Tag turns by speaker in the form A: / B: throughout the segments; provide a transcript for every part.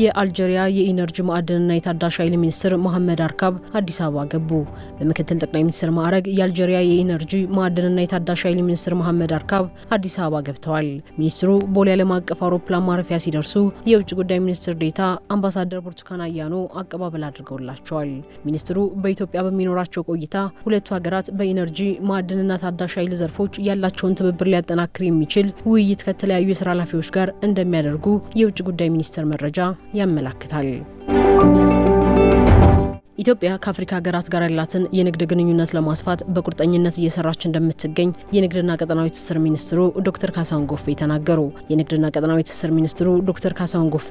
A: የአልጀሪያ የኢነርጂ ማዕድንና የታዳሽ ኃይል ሚኒስትር መሐመድ አርካብ አዲስ አበባ ገቡ። በምክትል ጠቅላይ ሚኒስትር ማዕረግ የአልጀሪያ የኢነርጂ ማዕድንና የታዳሽ ኃይል ሚኒስትር መሐመድ አርካብ አዲስ አበባ ገብተዋል። ሚኒስትሩ ቦሌ ዓለም አቀፍ አውሮፕላን ማረፊያ ሲደርሱ የውጭ ጉዳይ ሚኒስትር ዴታ አምባሳደር ብርቱካን አያኖ አቀባበል አድርገውላቸዋል። ሚኒስትሩ በኢትዮጵያ በሚኖራቸው ቆይታ ሁለቱ ሀገራት በኢነርጂ ማዕድንና ታዳሽ ኃይል ዘርፎች ያላቸውን ትብብር ሊያጠናክር የሚችል ውይይት ከተለያዩ የስራ ኃላፊዎች ጋር እንደሚያደርጉ የውጭ ጉዳይ ሚኒስቴር መረጃ ያመላክታል። ኢትዮጵያ ከአፍሪካ ሀገራት ጋር ያላትን የንግድ ግንኙነት ለማስፋት በቁርጠኝነት እየሰራች እንደምትገኝ የንግድና ቀጠናዊ ትስስር ሚኒስትሩ ዶክተር ካሳሁን ጎፌ ተናገሩ። የንግድና ቀጠናዊ ትስስር ሚኒስትሩ ዶክተር ካሳሁን ጎፌ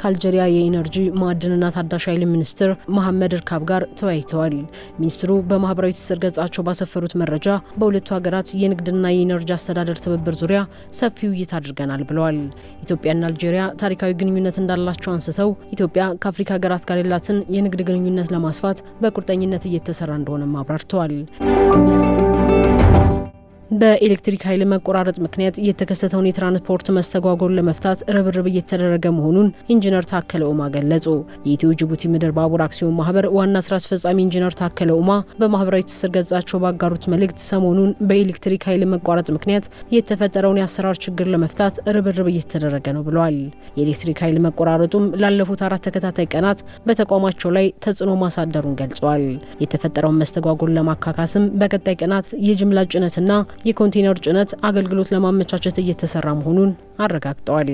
A: ከአልጄሪያ የኢነርጂ ማዕድንና ታዳሽ ኃይል ሚኒስትር መሐመድ እርካብ ጋር ተወያይተዋል። ሚኒስትሩ በማህበራዊ ትስስር ገጻቸው ባሰፈሩት መረጃ በሁለቱ ሀገራት የንግድና የኢነርጂ አስተዳደር ትብብር ዙሪያ ሰፊ ውይይት አድርገናል ብለዋል። ኢትዮጵያና አልጄሪያ ታሪካዊ ግንኙነት እንዳላቸው አንስተው ኢትዮጵያ ከአፍሪካ ሀገራት ጋር ያላትን የንግድ ግንኙነት ለማስ ለማስፋት በቁርጠኝነት እየተሰራ እንደሆነም አብራርተዋል። በኤሌክትሪክ ኃይል መቆራረጥ ምክንያት የተከሰተውን የትራንስፖርት መስተጓጎል ለመፍታት ርብርብ እየተደረገ መሆኑን ኢንጂነር ታከለ ኡማ ገለጹ። የኢትዮ ጅቡቲ ምድር ባቡር አክሲዮን ማህበር ዋና ስራ አስፈጻሚ ኢንጂነር ታከለ ኡማ በማህበራዊ ትስስር ገጻቸው ባጋሩት መልእክት ሰሞኑን በኤሌክትሪክ ኃይል መቋረጥ ምክንያት የተፈጠረውን የአሰራር ችግር ለመፍታት ርብርብ እየተደረገ ነው ብለዋል። የኤሌክትሪክ ኃይል መቆራረጡም ላለፉት አራት ተከታታይ ቀናት በተቋማቸው ላይ ተጽዕኖ ማሳደሩን ገልጿል። የተፈጠረውን መስተጓጎል ለማካካስም በቀጣይ ቀናት የጅምላ ጭነትና የኮንቴነር ጭነት አገልግሎት ለማመቻቸት እየተሰራ መሆኑን አረጋግጠዋል።